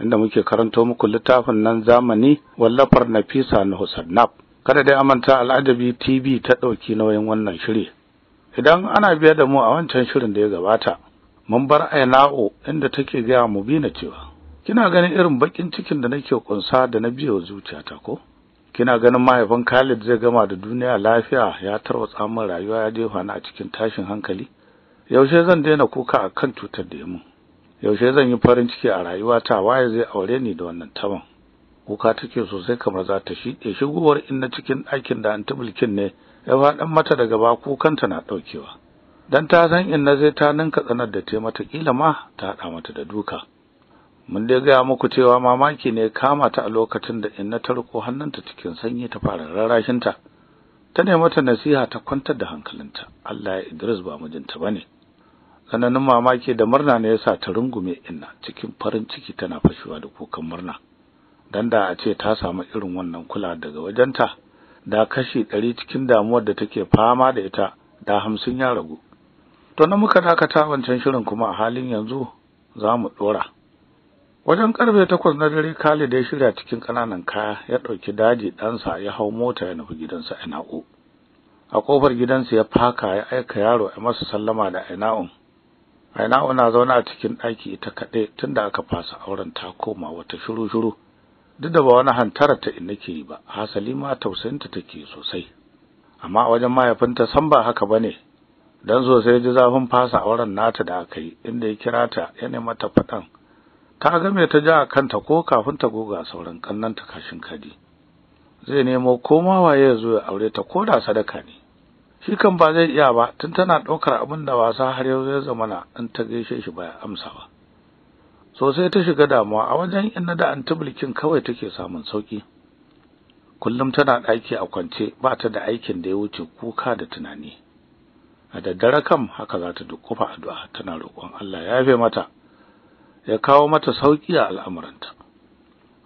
inda muke karanto muku littafin nan zamani wallafar Nafisa na Husannab kada dai amanta al'adabi TV ta ɗauki nauyin wannan shiri idan ana biya da mu a wancan shirin da ya gabata mun bar Aina'u inda take gaya mu bina cewa kina ganin irin bakin cikin da nake kunsa da na biyo zuciyata ko kina ganin mahaifin Khalid zai gama da duniya lafiya ya tarwatsa min rayuwa ya jefa ni a cikin tashin hankali yaushe zan daina kuka akan cutar da mun? yaushe zan yi farin ciki a rayuwata waye zai aure ni da wannan taban kuka take sosai kamar za ta shiɗe shigowar inna cikin ɗakin da antibulkin ne ya faɗan mata daga ba kukanta na ɗaukewa dan ta san inna zai ta ninka tsanar da te mata kila ma ta haɗa mata da duka mun dai gaya muku cewa mamaki ne kama ta a lokacin da inna ta riko hannunta cikin sanyi ta fara rarrashinta ta ne mata nasiha ta kwantar da hankalinta Allah ya Idris ba mijinta bane tsananin mamaki da murna ne yasa ta rungume inna cikin farin ciki tana fashewa da kokan murna dan da a ce ta samu irin wannan kula daga wajenta da kashi ɗari cikin damuwar da take fama da ita da hamsin ya ragu to na muka dakata wancan shirin kuma a halin yanzu za mu ɗora wajen ƙarfe takwas na dare Khalid ya shirya cikin ƙananan kaya ya ɗauki daji ɗansa ya hau mota ya nufi gidansa ina'u a ƙofar gidansa ya faka ya aika yaro ya masa sallama da ina'un Aina'u na zaune a cikin ɗaki ita kaɗai tunda aka fasa auren ta koma wata shiru shuru duk da ba wani hantara ta in nake yi ba hasali ma tausayinta take sosai amma a wajen mahaifinta san ba haka ba ne. dan sosai ji zafin fasa auren nata da aka yi inda ya kira ta ya nema ta faɗan ta game ta ja a kanta ko kafin ta goga sauran ƙannanta kashin kadi zai nemo koma waye ya zo ya aure ta ko da sadaka ne shi kan ba zai iya ba tun tana ɗaukar abin da wasa har yau zai na in ta gaishe shi baya amsa ba sosai ta shiga damuwa a wajen inna da antibilkin kawai take samun sauki kullum tana ɗaki a kwance ba ta da aikin da ya wuce kuka da tunani a daddare kam haka za ta dukkufa addu'a tana roƙon Allah ya yafe mata ya kawo mata sauki a al'amuranta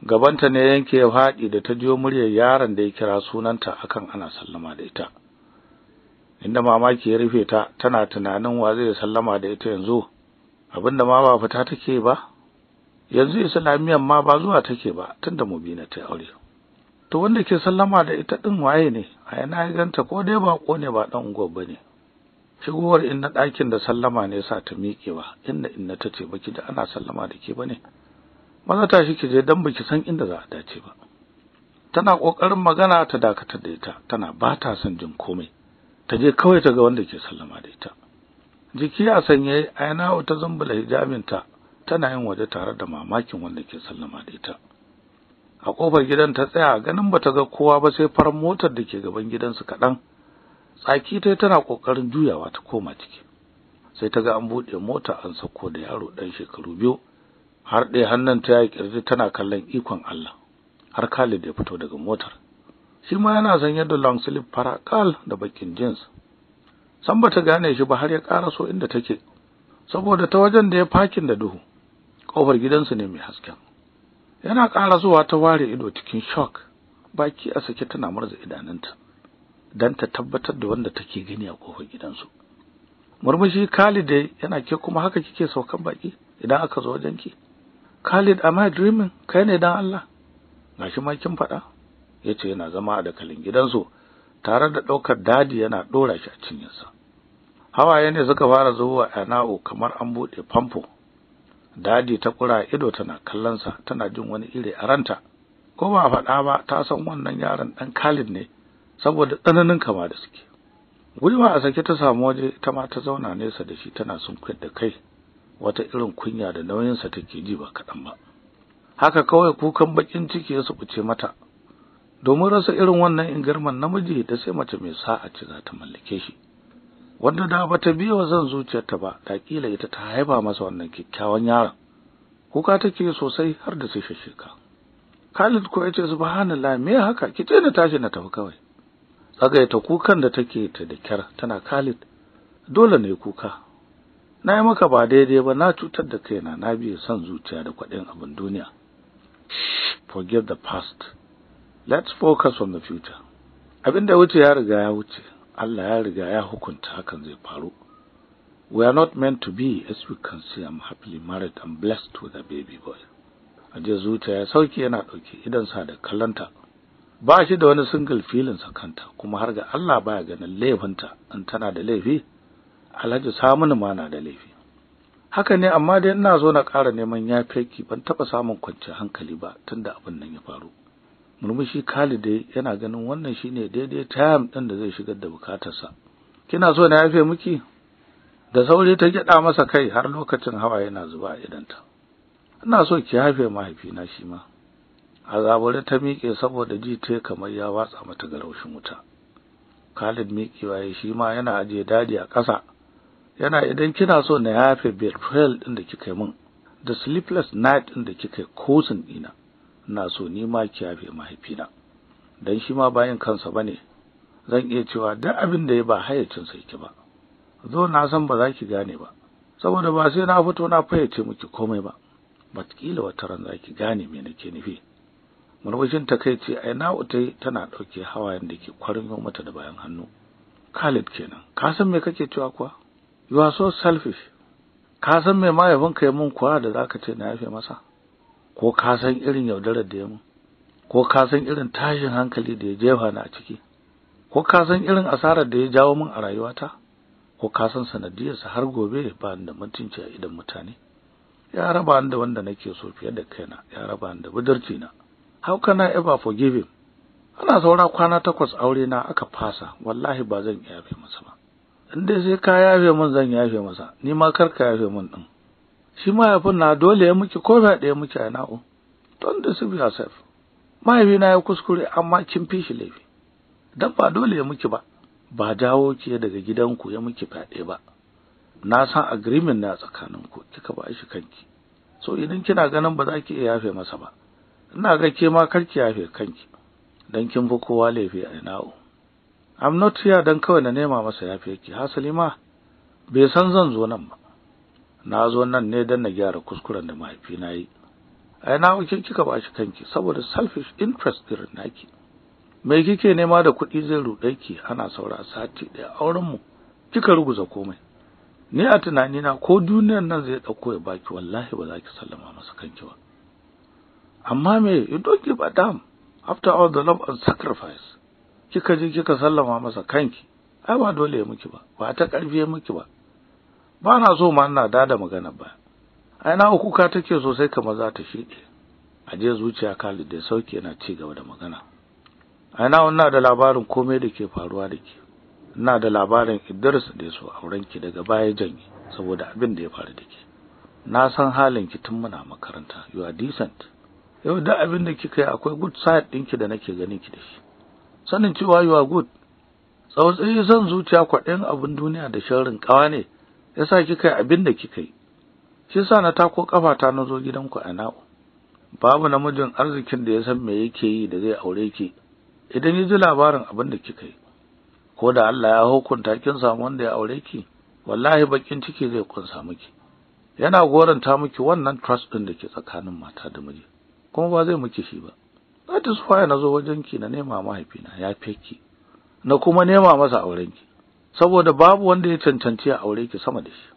gabanta ne yanke ya faɗi da ta jiyo muryar yaron da ya kira sunanta akan ana sallama da ita inda mamaki ya rufe ta tana tunanin wa zai sallama da ita yanzu abinda ma ba fita take ba yanzu islamiyan ma ba zuwa take ba tunda mu bi na ta aure to wanda ke sallama da ita din waye ne a yana ganta ko dai ba kone ba dan unguwar bane shigowar inna ɗakin da sallama ne sa ta miƙewa inda inna ta ce baki da ana sallama da ke bane maza ta shi kije dan baki san inda za a dace ba tana kokarin magana ta dakatar da ita tana bata ta son jin komai ta je kawai ta ga wanda ke sallama da ita jiki a sanye aina wata zumbula hijabinta tana yin waje tare da mamakin wanda ke sallama da ita a kofar gidan ta tsaya ganin ba ta ga kowa ba sai farar motar da ke gaban gidansu kaɗan tsaki ta tana ƙoƙarin juyawa ta koma ciki sai ta ga an buɗe mota an sauko da yaro ɗan shekaru biyu har ɗaya hannun ta ya ƙirji tana kallon ikon Allah har Khalid ya fito daga motar shi ma yana sanye da long sleeve farakal da bakin jeans san bata gane shi ba har ya ƙara so inda take saboda ta wajen da ya fakin da duhu kofar gidansu ne mai hasken yana zuwa ta ware ido cikin shock baki a sake tana murza idanunta dan ta tabbatar da wanda take gani a kofar gidansu murmushi Khalid yana ke kuma haka kike saukan baki idan aka zo wajen ki Khalid am I dreaming kai ne dan Allah gashi ma kin faɗa ya ce yana zama a dakalin gidansu tare da ɗaukar dadi yana ɗora shi a cinyarsa hawaye ne suka fara zuwa Anao kamar an buɗe famfo dadi ta kura ido tana kallonsa tana jin wani iri a ranta ko ba a faɗa ba ta san wannan yaron ɗan Khalid ne saboda tsananin kama da suke gwiwa a sake ta samu waje ta ma ta zauna nesa da shi tana sunkuyar da kai wata irin kunya da nauyinsa take ji ba kaɗan ba haka kawai kukan bakin ciki ya suɓuce mata domin rasa irin wannan ingarman namiji da sai mace mai sa'a ce za ta mallake shi wanda da ba ta biya zan zuciyarta ba ta kila ita ta haifa masa wannan kyakkyawan yaron kuka take sosai har da sai shashika Khalid ko yace subhanallah me haka ki ce na tashi na tafi kawai tsagaye ta kukan da take ta da kyar tana Khalid dole ne kuka na yi maka ba daidai ba na cutar da kaina na biya son zuciya da kwaɗin abin duniya forget the past let's focus on the future Abin da wuce ya riga ya wuce Allah ya riga ya hukunta hakan zai faru we are not meant to be as we can see I'm happily married and blessed with a baby boy aje zuciya sauki yana dauke idan sa da kallanta ba shi da wani single feeling sa kanta kuma har ga Allah baya ganin laifinta in tana da laifi Alhaji Saminu ma na da laifi haka ne amma dai ina zo na ƙara neman yafe ban taɓa samun kwanciyar hankali ba tunda abin nan ya faru murmushi Khalid yana ganin wannan shine daidai time ɗin da zai shigar da bukatarsa kina so na yafe miki da sauri ta gyaɗa masa kai har lokacin hawa yana zuba a idanta ina so ki haife mahaifina shi ma a ta miƙe saboda ji ta kamar ya watsa mata garaushin wuta Khalid miƙewa ya shi ma yana ajiye daji a ƙasa yana idan kina so na yafe betrayal ɗin da kika yi min da sleepless night ɗin da kika yi kosin ɗina ina so ni ma ki yafe mahaifina dan shi ma bayan kansa bane zan iya cewa duk abin da ya ba hayyacin sai ki ba zo na san ba za ki gane ba saboda ba sai na fito na fayyace miki komai ba batkila wata ran za ki gane me nake nufi murmushin ta kai ce ai na utai tana dauke hawayen da ke kwarin mata da bayan hannu Khalid kenan ka san me kake cewa kuwa you are so selfish ka san me mahaifinka ya mun kuwa da zaka ce na yafe masa ko ka san irin yaudarar da ya mun ko ka san irin tashin hankali da ya jefa ni a ciki ko ka san irin asarar da ya jawo min a rayuwata ko ka san sanadiyarsa har gobe ba da mutunci a idan mutane ya raba ni da wanda nake so fiye da kaina ya raba ni da budurci na how can I ever forgive him ana saura kwana takwas aure na aka fasa wallahi ba zan yafe masa ba in dai sai ka yafe min zan yafe masa ni ma kar ka yafe min din shi mahaifin na dole ya miki ko ba ɗaya miki a na'u don da su yourself mahaifina ya kuskure amma kin fi shi laifi dan ba dole ya miki ba ba jawo ki daga gidanku ya miki fyaɗe ba na san agreement na tsakaninku kika ba shi kanki so idan kina ganin ba za ki iya yafe masa ba ina ga ke ma kar ki yafe kanki dan kin fi kowa laifi a na'u I'm not dan kawai na nema masa yafe yake hasali ma bai san zan zo nan ba na zo nan ne don na gyara kuskuren da mahaifina yi A na kin kika ba shi kanki saboda selfish interest irin naki mai kike nema da kuɗi zai ruɗe ki ana saura sati ɗaya auren mu kika ruguza komai ni a tunani na ko duniyar nan zai ɗauko ya baki wallahi ba za ki sallama masa kanki ba amma me you don't give a after all the love and sacrifice kika je kika sallama masa kanki ai ba dole ya miki ba ba ta karfi ya miki ba ba na so ma ina da magana ba ai na kuka take sosai kamar za ta A je zuciya Khalid da sauki yana ci gaba da magana ai na wannan da labarin komai da ke faruwa da ke ina da labarin Idris da su auren ki daga baya janye saboda abin da ya faru da ke na san halin ki tun muna makaranta you are decent yau da abin da kika yi akwai good side ɗinki da nake ganin ki da shi sanin cewa you are good tsautsayi zan zuciya kwaɗayin abin duniya da sharrin kawa ne yasa kika yi abin da kika yi shi yasa na tako kafata na zo gidanku a na'u babu namijin arzikin da ya san me yake yi da zai aure ki idan ya ji labarin abin da kika yi ko da Allah ya hukunta kin samu wanda ya aure ki wallahi bakin ciki zai kunsa miki yana goranta miki wannan trust din da ke tsakanin mata da miji kuma ba zai miki shi ba that is why nazo wajen ki na nema mahaifina ya feki na kuma nema masa aurenki saboda babu wanda ya cancanci a aure ki sama da shi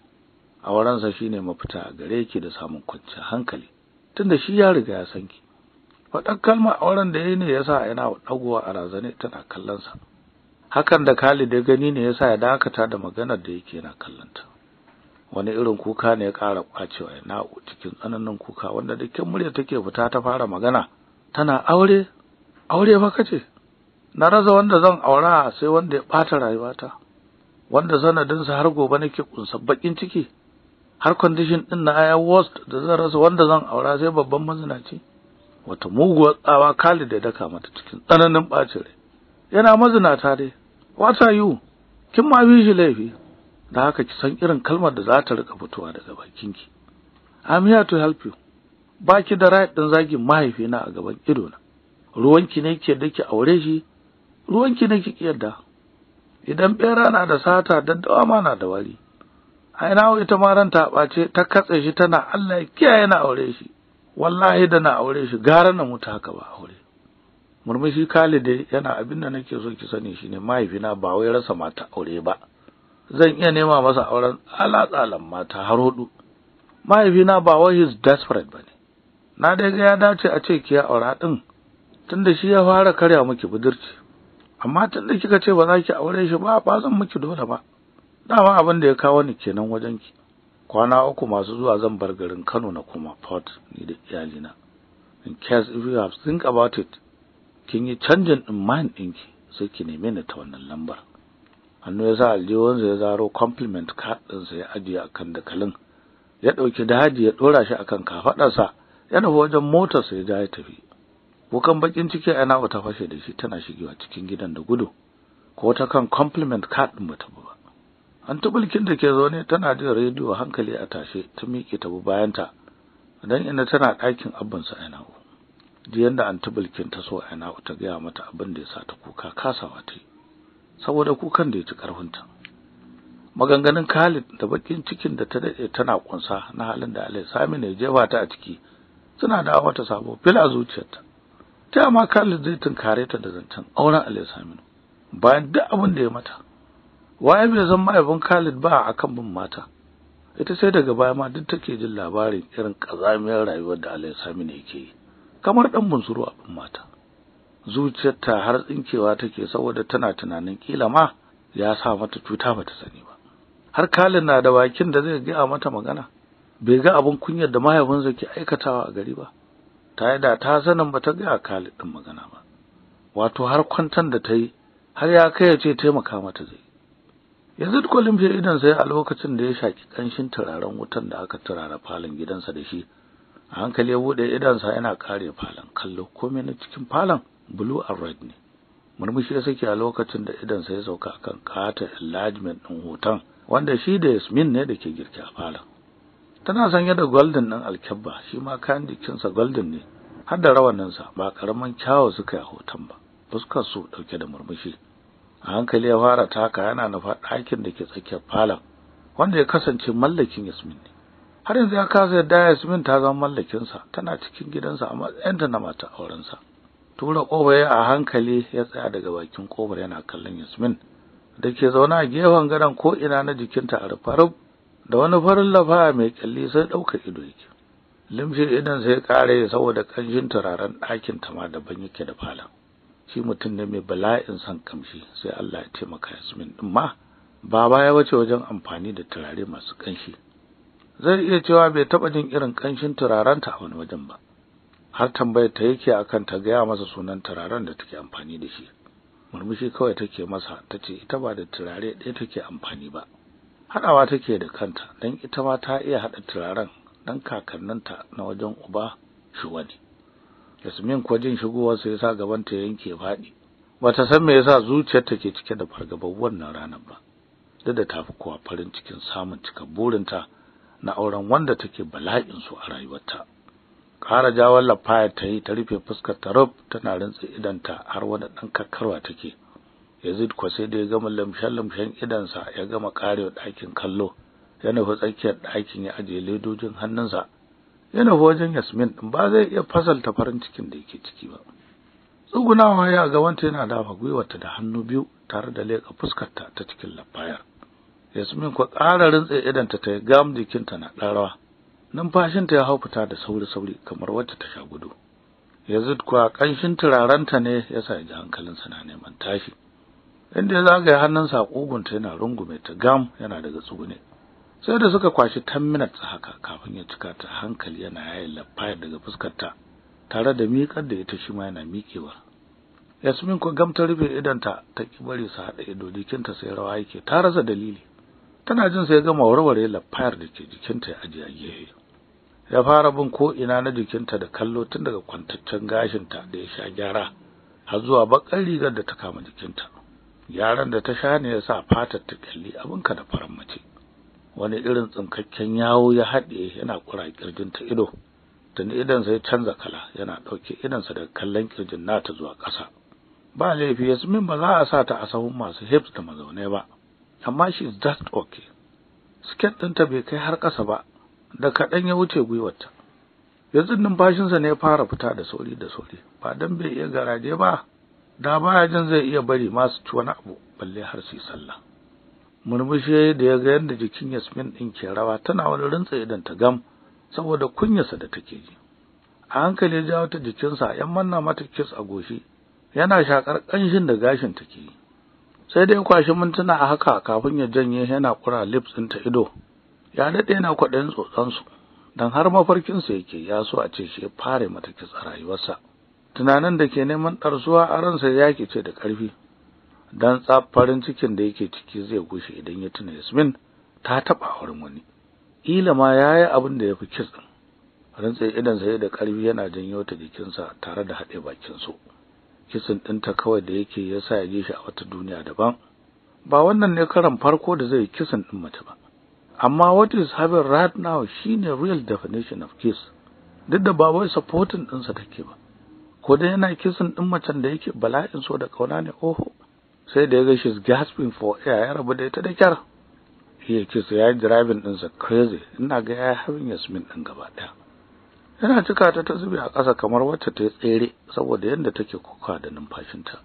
aurensa shine mafita a gare ki da samun kwanciyar hankali tunda shi ya riga ya san ki faɗan kalmar auren da yayi ne yasa yana dagowa a razane tana kallon sa hakan da Khalid ya gani ne yasa ya dakata da maganar da yake yana kallonta wani irin kuka ne ya ƙara kwacewa ya cikin tsananin kuka wanda dukkan murya take fita ta fara magana tana aure aure ba kace na raza wanda zan aura sai wanda ya bata rayuwata wanda sanadinsa har gobe nake kunsa bakin ciki har condition din na aya worst da zan rasa wanda zan aura sai babban ce? wata muguwar tsawa kali da daka mata cikin tsananin bacin rai yana mazinata dai what are you kin ma bi shi laifi da haka ki san irin kalmar da za ta rika fitowa daga bakinki I'm here to help you baki da right din zagin mahaifina a gaban ido na ruwanki ne ke da aure shi ruwanki ne ki kiyarda idan bera na da sata daddawa ma na da wari ai nawo ita ma ran ta ɓace ta katse shi tana Allah ya kiyaye na aure shi wallahi da na aure shi gara na mutu haka ba aure murmushi Khalid yana abin da nake so ki sani shine mahaifina ba wai rasa mata aure ba zan iya nema masa auren alatsalan mata har hudu mahaifina ba wai his desperate bane na dai ga ya dace a ce ki ya aura din tunda shi ya fara karya miki budurci amma tun da kika ce ba za ki aure shi ba ba zan miki dole ba dama abin da ya kawo ni kenan wajen ki kwana uku masu zuwa zan bar garin Kano na kuma Port ni da iyalina in case if you have think about it kin yi canjin din mind ki, sai ki nemi ni ta wannan lambar hannu ya sa aljihunsa ya zaro compliment card ɗinsa ya ajiye akan dakalin ya ɗauki daji ya ɗora shi akan kafaɗarsa yana wajen wajen motarsa ya ja ya tafi wukan bakin ciki a ba ta fashe da shi tana shigewa cikin gidan da gudu ko ta kan compliment card din mata ba an tubulkin da ke zaune tana jin rediyo hankali a tashe ta miƙe ta bayan ta dan ina tana ɗakin abban sa ina ku ji yanda an tubulkin ta so ina ta gaya mata abin da ya sa ta kuka kasawa ta saboda kukan da ya ci ta. maganganun Khalid da bakin cikin da ta dade tana kunsa na halin da Alai Sami ne jefa ta a ciki suna da wata sabo fil a zuciyarta ma Khalid zai tunkare ta da zancen auren Ali Saminu bayan duk abin da ya mata waye bai zan mahaifin Khalid ba akan bin mata ita sai daga baya ma duk take jin labarin irin kazamiyar rayuwar da Ali Saminu yake yi kamar dan bunsuru a bin mata zuciyarta har tsinkewa take saboda tana tunanin kila ma ya sa mata cuta bata sani ba har Khalid na da bakin da zai ga mata magana bai ga abin kunyar da mahaifinsa ke aikatawa a gari ba ta yi da ta sanin ba ta ga Khalid din magana ba wato har kwantan da ta yi har ya kai ya ce taimaka mata zai yanzu kullum fiye idan sai a lokacin da ya shaki kanshin turaren wutan da aka turara falon gidansa da shi a hankali ya bude idansa yana kare falon kallo kome na cikin falon blue and red ne murmushi ya sake a lokacin da idansa ya sauka kan kata enlargement din hoton wanda shi da Yasmin ne da ke girki a falon tana sanye da golden ɗin alkyabba shi ma kayan jikinsa golden ne har da rawaninsa ba karaman kyawu suka yi hoton ba fuskar su ɗauke da murmushi a hankali ya fara taka yana nufa ɗakin da ke tsakiyar falon wanda ya kasance mallakin yasmin ne har yanzu ya kasa yadda yasmin ta zama mallakinsa tana cikin gidansa a matsayinta na mata aurensa tura ƙofa a hankali ya tsaya daga bakin ƙofar yana kallon yasmin da ke zaune a gefen gadon ko'ina na jikinta a rufarub da wani farin lafaya mai kyalli sai ɗauka ido yake limshe idan sai kare saboda ƙanshin turaren ɗakin ta ma daban yake da falon shi mutum ne mai bala'in san kamshi sai Allah ya taimaka Yasmin din ma ba baya wace wajen amfani da turare masu ƙanshi zai iya cewa bai taɓa jin irin ƙanshin ta a wani wajen ba har tambayar ta yake akan ta gaya masa sunan turaren da take amfani da shi murmushi kawai take masa tace ita ba da turare ɗaya take amfani ba haɗawa take da kanta don ita ma ta iya haɗa turaren dan kakanninta na wajen uba shi wani yasmin kuwa jin shigowarsa ya sa gabanta yanke faɗi ta san me yasa zuciyarta ke cike da fargabar wannan ranar ba duk da tafi kowa farin cikin samun cika burinta na auren wanda take bala'in su a rayuwarta kara jawon lafaya ta yi ta rufe fuskar ta rub tana rintsa idanta har wani ɗan kakkarwa take yazid kwa sai da ya gama lamshen-lamshen idansa ya gama karewa ɗakin kallo yana fi tsakiyar ɗakin ya ajiye ledojin hannunsa yana fi wajen yasmin ba zai iya fasalta farin cikin da yake ciki ba tsugunawa ya ga wanta yana dafa gwiwarta da hannu biyu tare da leƙa fuskarta ta cikin lafayar yasmin kwa ƙara rintse idanta ta yi gam jikinta na ɗarawa, numfashinta ya hau fita da sauri-sauri kamar wacce ta sha gudu yazid kuwa ƙanshin turarenta ne ya sa ji hankalinsa na neman tashi inda ya zagaya hannun a ƙugunta yana rungume ta gam yana daga tsugune sai da suka kwashi 10 minutes haka kafin ya cika ta hankali yana yaye lafaya daga fuskarta tare da miƙar da ita shi ma yana miƙewa Yasmin ko gam ta rufe idanta ta ki bari su haɗa ido jikinta sai rawa yake ta rasa dalili tana jin sai gama warware lafayar da ke jikinta ya ajiye a gefe ya fara bin ko ina na jikinta da kallo tun daga kwantaccen gashinta da ya sha gyara har zuwa bakar rigar da ta kama jikinta yaran da ta sha ne ya sa fatar ta kalli abinka da faran mace wani irin tsinkakken yawo ya haɗe yana kura kirjin ta ido tuni idan sai canza kala yana ɗauke idansa daga kallon kirjin nata zuwa ƙasa ba laifi yasmin ba za a sa ta a sahun masu hips da mazaunai ba amma shi just okay sket ɗinta bai kai har ƙasa ba da kaɗan ya wuce gwiwarta yanzu numfashinsa ne ya fara fita da sauri da sauri ba don bai iya garaje ba da baya jin zai iya bari masu su ci wani abu balle har su yi sallah murmushi da ya ga yadda jikin Yasmin ɗin ke rawa tana wani rintsa idan ta gam saboda kunyarsa da take ji a hankali ya jawo ta jikinsa yan manna mata kis a goshi yana shakar ƙanshin da gashin take yi sai dai kwashi mintuna a haka kafin ya janye yana kura lips ɗin ta ido ya daɗe yana kwaɗayin tsotsansu don har mafarkinsa yake ya so a ce shi ya fara mata kis a rayuwarsa tunanin da ke neman ɗarsuwa a ransa ya ce da ƙarfi Don tsaf farin cikin da yake ciki zai gushe idan ya tuna Yasmin ta taɓa wurin wani ila ma ya yi abin da ya fi kis din rantsa idan sai da ƙarfi yana janyo ta jikinsa tare da haɗe bakin su kisin ɗinta kawai da yake ya sa ya ji shi a wata duniya daban ba wannan ne karan farko da zai kisin ɗin mace ba amma what is having right now shine real definition of kiss duk da ba wai supporting ɗinsa take ba ko dai yana kisan ɗin macen da yake bala'in so da ƙauna ne oho sai da ya ga she's gasping for air ya rabu da ita da kyar ya kisa ya yi driving ɗinsa crazy ina ga ya harin yasmin ɗin gaba ɗaya yana cika ta ta zube a ƙasa kamar wacce ta yi tsere saboda yadda take kuka da numfashinta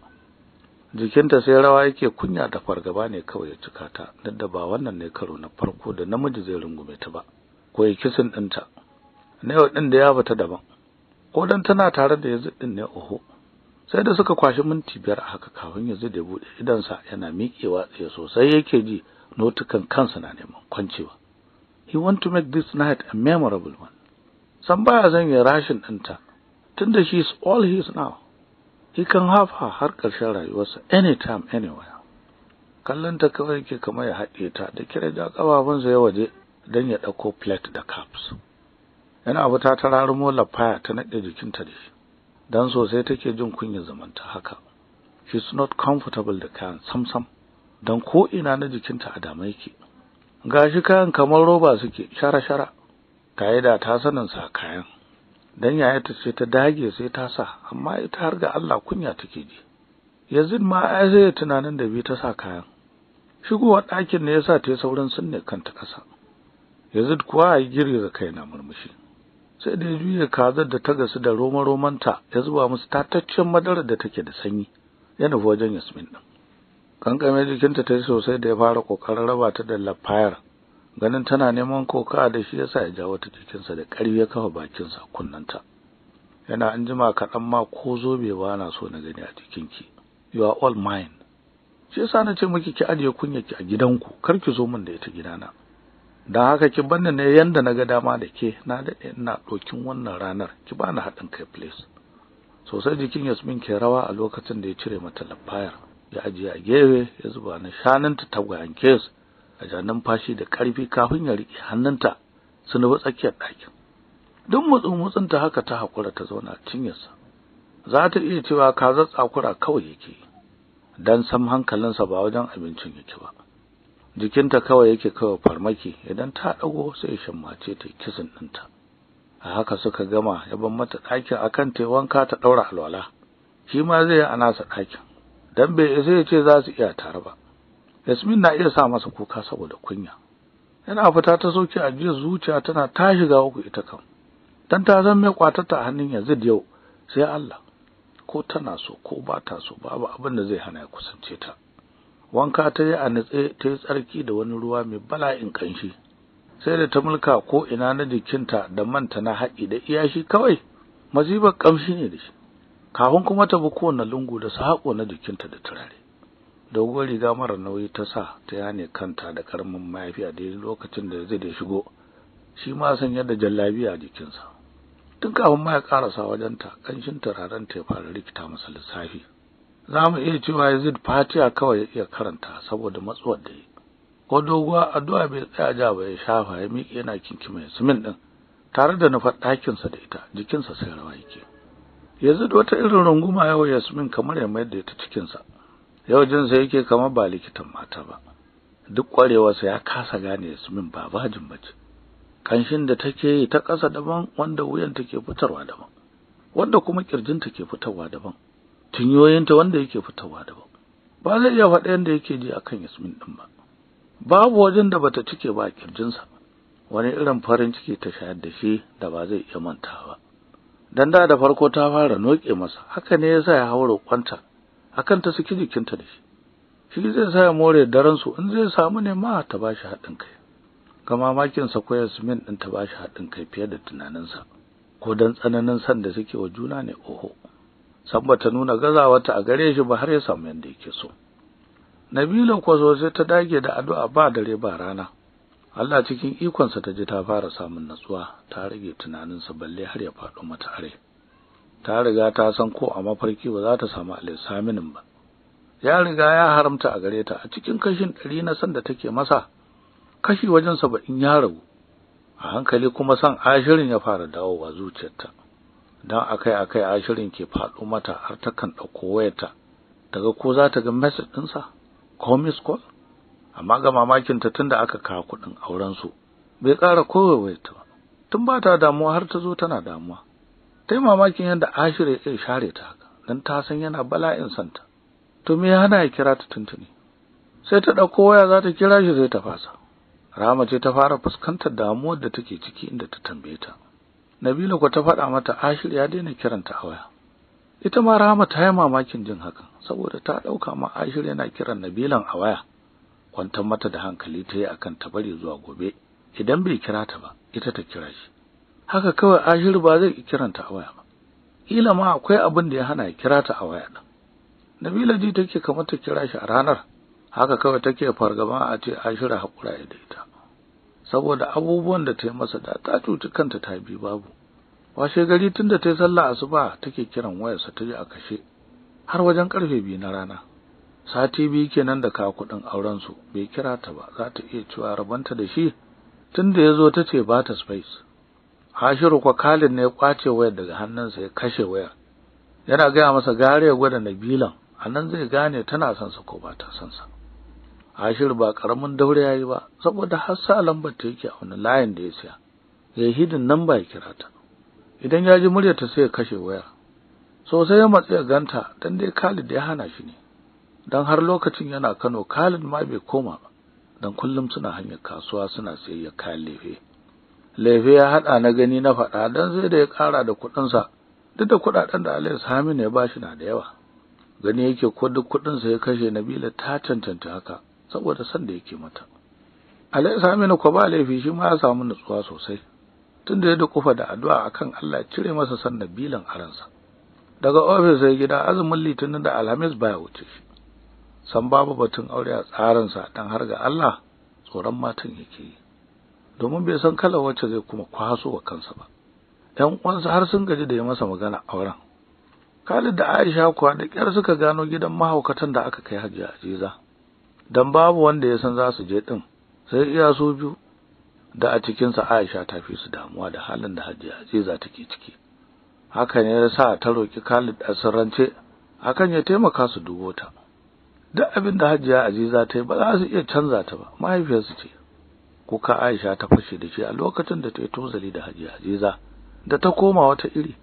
jikinta sai rawa yake kunya da fargaba ne kawai ya cika ta duk da ba wannan ne karo na farko da namiji zai rungume ta ba ko ya kisin ɗinta na yau ɗin da ya bata daban ko tana tare da Yazid din ne oho sai da suka kwashi minti biyar a haka kafin Yazid ya bude idansa yana miƙewa tsaye sosai yake ji notukan kansa na neman kwancewa he want to make this night a memorable one san baya zan yi rashin dinta, tunda she is all he is now he can have her har karshen rayuwarsa anytime anywhere kallon ta kawai yake kamar ya haɗe ta da kira da ƙafafunsa ya waje don ya ɗauko plate da cups yana abu ta rarumo lafaya ta nade jikinta da shi dan sosai take jin kunyar zamanta haka she is not comfortable da kayan samsam dan ko ina na jikinta a dama yake gashi kayan kamar roba suke shara shara Kaida ta sanin sa kayan dan yaya ta ce ta dage sai ta sa amma ita har ga Allah kunya take ji yanzu ma ai sai tunanin da bi ta sa kayan shigowar ɗakin ne yasa ta yi saurin sunne kanta kasa Yazid kuwa ayi girgiza kaina murmushi sai da juya kazar da ta gasu da roma romanta ya zuba musu tataccen madarar da take da sanyi ya wajen yasmin din kankame jikinta ta yi sosai da ya fara kokarin raba ta da lafayar ganin tana neman koka da shi yasa ya jawo ta jikinsa da ƙarfi ya kafa bakinsa kunnanta yana anjima kaɗan ma ko zobe ba na so na gani a jikinki you are all mine shi yasa na ce miki ki ajiye kunyarki a gidanku kar ki zo min da ita gidana don haka ki banni ne yanda na ga dama da ke na daɗe ina ɗokin wannan ranar ki ba ni haɗin kai please sosai jikin yasmin ke rawa a lokacin da ya cire mata lafayar ya ajiye a gefe ya zuba ni shanunta ta tagwayen kes a ja numfashi da ƙarfi kafin ya riƙe hannunta su nufi tsakiyar ɗakin duk mutsun mutsunta haka ta haƙura ta zauna a cinyarsa za ta iya cewa ka tsakura kawai yake dan sam hankalinsa ba wajen abincin yake ba jikinta kawai yake kawai farmaki idan ta dago sai shammace ta kisin ɗinta a haka suka gama ya mata ɗakin akan ta wanka ta ɗaura alwala shi ma zai yi a nasa ɗakin dan bai sai ya ce za su iya tare ba yasmin na iya sa masa kuka saboda kunya yana fita ta soke a jiya zuciya tana ta shiga uku ita kan dan ta zan mai kwatata hannun Yazid yau sai Allah ko tana so ko ba ta so babu abin da zai hana ya kusance ta wanka ta yi a nitse ta yi tsarki da wani ruwa mai bala'in ƙanshi sai da ta mulka ko ina na jikinta da manta na haƙi da iyashi kawai mazibar ƙamshi ne da shi kafin kuma ta bi kowane lungu da haƙo na jikinta da turare doguwar riga mara nauyi ta sa ta yane kanta da karamin mahaifi a daidai lokacin da zai da shigo shi ma san yadda jallabiya a jikinsa tun kafin ma ya ƙarasa wajenta ƙanshin turaren ta ya fara rikita masa lissafi za mu iya cewa yazid fatiha kawai ya karanta saboda matsuwar da yi ko doguwa addu'a bai tsaya ja ba ya shafa ya miƙe yana kinkima ya sumin ɗin tare da nufar ɗakinsa da ita jikinsa sai rawa yake yazid wata irin runguma yau yasmin kamar ya mayar da ita cikinsa yau jinsa yake kamar ba likitan mata ba duk ƙwarewarsa ya kasa gane yasmin ba bajin bace kanshin da take yi ta ƙasa daban wanda wuyan take fitarwa daban wanda kuma ƙirjinta ke fitarwa daban tunyoyinta wanda yake fitowa daban ba zai iya faɗa yadda yake ji a kan yasmin ɗin ba babu wajen da bata cike ba a kirjinsa wani irin farin ciki ta shayar da shi da ba zai iya mantawa dan da da farko ta fara noke masa haka ne ya sa ya haura kwanta akan ta saki jikinta da shi shi zai sa ya more daren su in zai samu ne ma ta ba shi haɗin kai ga mamakin sa ko Yasmin ɗin ta ba shi haɗin kai fiye da tunaninsa ko dan tsananin san da suke wa juna ne oho san ta nuna gazawarta a gare shi ba har ya samu yanda yake so Nabila kuwa sosai ta dage da addu'a ba dare ba rana Allah cikin ikonsa ta ji ta fara samun natsuwa ta rage tunaninsa balle har ya faɗo mata are ta riga ta san ko a mafarki ba za ta samu alisaminin ba ya riga ya haramta a gare ta a cikin kashin ɗari na san da take masa kashi wajen saba'in ya ragu a hankali kuma san ashirin ya fara dawowa zuciyarta don akai-akai ashirin ke faɗo mata har ta kan ɗauko wayarta daga ko za ta ga message ɗinsa ko miss call amma ga mamakinta tunda aka kawo kuɗin su bai ƙara kowai ta ba tun ba ta damuwa har ta zo tana damuwa tai mamakin yadda ashir ya share ta haka dan ta san yana bala'in santa to me hana ya kira ta tuntuni sai ta ɗauko waya za ta kira shi zai tafasa. fasa rama ce ta fara fuskantar damuwar da take ciki inda ta tambaye ta Nabila ko ta faɗa mata Ashir ya daina kiranta a waya ita ma Rahama ta yi mamakin jin hakan saboda ta ɗauka ma Ashir yana kiran Nabilan a waya kwantar mata da hankali ta yi akan ta bari zuwa gobe idan bai kira ta ba ita ta kira shi haka kawai Ashir ba zai kiranta a waya ba kila ma akwai abin da ya hana ya kira ta a waya din Nabila ji take kamar ta kira shi a ranar haka kawai take fargaba a ce Ashir haƙura ya daita saboda abubuwan da ta yi masa da ta cuci kanta ta bi babu washe gari tun da ta yi sallah asuba take kiran wayarsa ta ji a kashe har wajen karfe biyu na rana sati biyu kenan da ka kuɗin auren su bai kira ta ba za ta iya cewa rabanta da shi tun da ya zo ta ce ba ta space hashiru kwa kalin ne ya kwace wayar daga hannunsa ya kashe wayar yana gaya masa gare ya gwada nabilan a nan zai gane tana son sa ko ba ta son Ashir ba karamin daure yi ba saboda har sa lambar ta yake a wani layin da ya siya Zahidin nan ba ya kira ta idan ya ji murya ta sai ya kashe waya sosai ya matsi ya ganta dan dai Khalid ya hana shi ne dan har lokacin yana Kano Khalid ma bai koma ba dan kullum suna hanyar kasuwa suna sayayya kayan lefe lefe ya haɗa na gani na faɗa dan sai da ya kara da kuɗinsa, sa duk da kudaden da Alhaji Saminu ya bashi na da yawa gani yake ko duk kudin sa ya kashe Nabila ta cancanta haka saboda san da yake mata alai saminu kwaba ba laifi shi ma ya samu nutsuwa sosai tunda ya da kufa da addu'a akan Allah cire masa san bilan aransa daga ofis sai gida azumin litinin da alhamis baya wuce shi san babu batun aure a tsarinsa dan har ga Allah tsoron matan yake yi domin bai san kalar wacce zai kuma kwaso wa kansa ba ɗan uwansa har sun gaji da ya masa magana auren Khalid da Aisha kuwa da ƙyar suka gano gidan mahaukatan da aka kai Hajiya Ajiza don babu wanda ya san za su je ɗin sai iya su biyu da a cikinsa aisha ta fi su damuwa da halin da hajiya aziza take ciki haka ne ya sa ta roƙi khalid a sirrance hakan ya taimaka su dubo ta duk abin da hajiya aziza ta yi ba za su iya canza ta ba mahaifiyarsu ce kuka aisha ta fashe da shi a lokacin da ta yi tozali da hajiya aziza da ta koma wata iri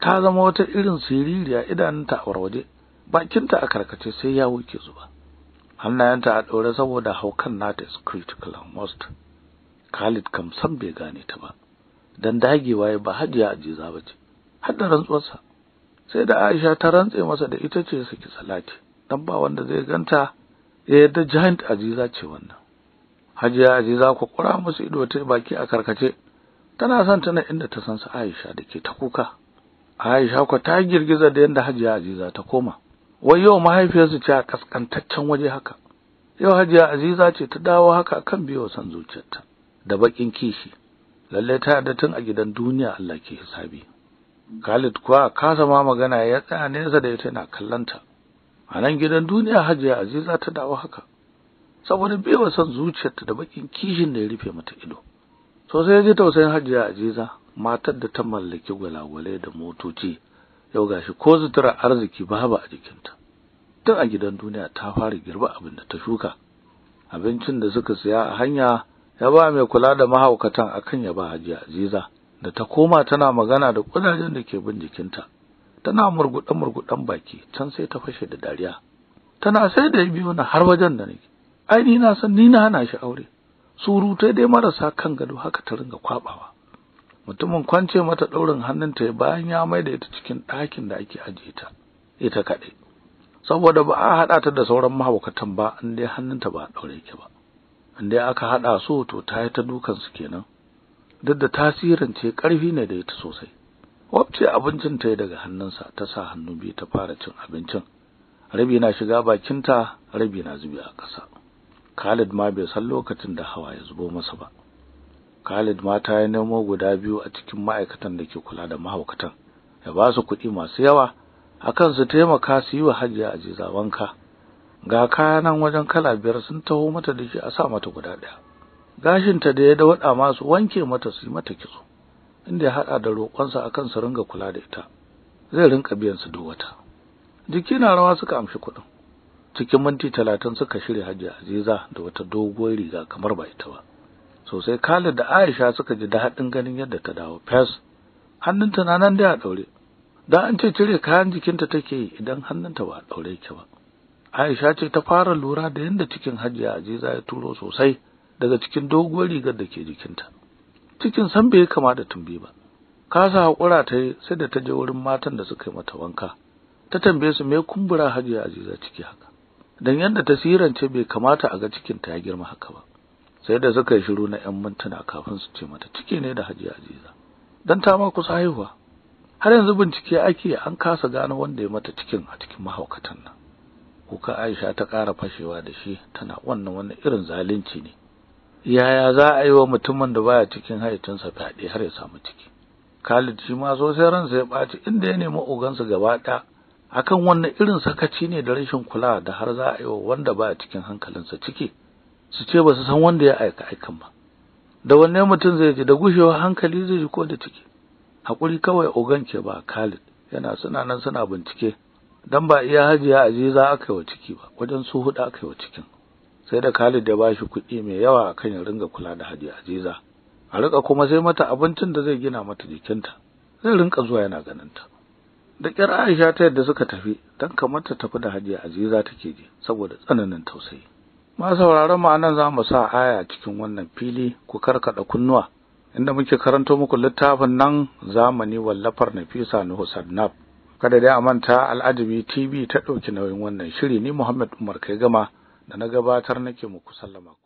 ta zama wata irin siririya idanunta a warwaje bakinta a karkace sai ya wuke zuba hannayenta a ɗaure saboda haukan nata is critical and most Khalid kam san bai gane ta ba dan dagewa ya ba hajiya ajiza ce. har da rantsuwarsa sai da Aisha ta rantse masa da ita ce saki salati dan ba wanda zai ganta ya da giant ajiza ce wannan hajiya ajiza ku kura musu ido ta baki a karkace tana son tana inda ta san su Aisha da ke ta kuka Aisha ku ta girgiza da yadda hajiya ajiza ta koma wai yau mahaifiyarsu ce a kaskantaccen waje haka yau hajiya aziza ce ta dawo haka kan biyo san zuciyarta da bakin kishi Lallai ta yarda tun a gidan duniya Allah ke hisabi Khalid kuwa kasa ma magana ya tsaya nesa da ita na kallanta a nan gidan duniya hajiya aziza ta dawo haka saboda biyo san zuciyarta da bakin kishin da ya rufe mata ido sosai ya ji tausayin hajiya aziza matar da ta mallaki gwalagwalai da motoci yau ga shi ko sutura arziki babu a jikinta tun a gidan duniya ta fara girba abin da ta shuka abincin da suka siya a hanya ya ba mai kula da mahaukatan akan ya ba Hajiya Aziza da ta koma tana magana da kudajen da ke bin jikinta tana murgudan murgudan baki can sai ta fashe da dariya tana sai da biyu na har wajen da nake ai ni na san ni na hana shi aure surutai dai marasa kan gado haka ta ringa kwabawa mutumin kwance mata ɗaurin hannunta bayan ya maida ita cikin ɗakin da ake ajiye ta ita kaɗai saboda ba a haɗa ta da sauran mahaukatan ba in dai hannunta ba a ɗaure ba in dai aka haɗa su to ta yi ta dukansu kenan duk da tasirin ce ƙarfi ne da ita sosai wabce abincin ta yi daga hannunsa ta sa hannu biyu ta fara cin abincin rabi na shiga bakinta rabi na zubi a ƙasa Khalid ma bai san lokacin da hawa ya zubo masa ba Khalid ma ta yi nemo guda biyu a cikin ma'aikatan da ke kula da mahaukatan ya ba su kuɗi masu yawa akan su taimaka su yi wa Hajiya jiza wanka ga kayanan wajen kala biyar sun taho mata da shi a sa mata guda ɗaya gashinta da ya dawaɗa masu wanke mata su yi mata kitso inda ya haɗa da roƙonsa akan su ringa kula da ita zai rinka biyan su duk wata jiki na rawa suka amshi kuɗin cikin minti talatin suka shirya Hajiya Aziza da wata doguwar riga kamar ba ita ba sosai Khalid da Aisha suka ji daɗin ganin yadda ta dawo fes hannunta na nan da ya daure Da an ce cire kayan jikinta take yi idan hannunta ba daure ki ba Aisha ce ta fara lura da yadda cikin Hajiya Aziza ya turo sosai daga cikin doguwar rigar da ke jikinta cikin san bai kama da tumbi ba kasa hakura ta yi sai da ta je wurin matan da suka yi mata wanka ta tambaye su me kumbura Hajiya Aziza ciki haka dan yadda tasirance bai kamata a ga cikin ta ya girma haka ba sai da suka yi shiru na 'yan mintuna kafin su ce mata ciki ne da hajiya aziza dan ta ma kusa haihuwa har yanzu bincike ake an kasa gano wanda ya mata cikin a cikin mahaukatan nan kuka Aisha ta ƙara fashewa da shi tana wannan wani irin zalunci ne yaya za a yi wa mutumin da baya cikin haicinsa fyaɗe har ya samu ciki Khalid shi ma so sai ransa ya ɓaci inda ya nemi ogansa gaba ɗaya akan wannan irin sakaci ne da rashin kula da har za a yi wa wanda baya cikin hankalinsa ciki su ce ba su san wanda ya aika aikan ba da wanne mutum zai ji da gushewa hankali zai ji ko da ciki hakuri kawai ogan ke ba Khalid yana suna nan suna bincike dan ba iya hajiya aziza aka yi wa ciki ba wajen su hudu aka yi wa cikin sai da Khalid ya bashi kuɗi mai yawa akan ya ringa kula da hajiya aziza a rika kuma sai mata abincin da zai gina mata jikinta zai rinka zuwa yana ganinta da kyar Aisha ta yadda suka tafi dan kamar ta tafi da hajiya aziza take je saboda tsananin tausayi ma sauraron mu anan za mu sa aya cikin wannan fili ku karkada kunnuwa inda muke karanto muku littafin nan zamani wallafar Nafisa Nuhu Sadnab kada dai a manta Al'ajabi TV ta ɗauki nauyin wannan shiri ni Muhammad Umar kai gama da na gabatar nake muku sallama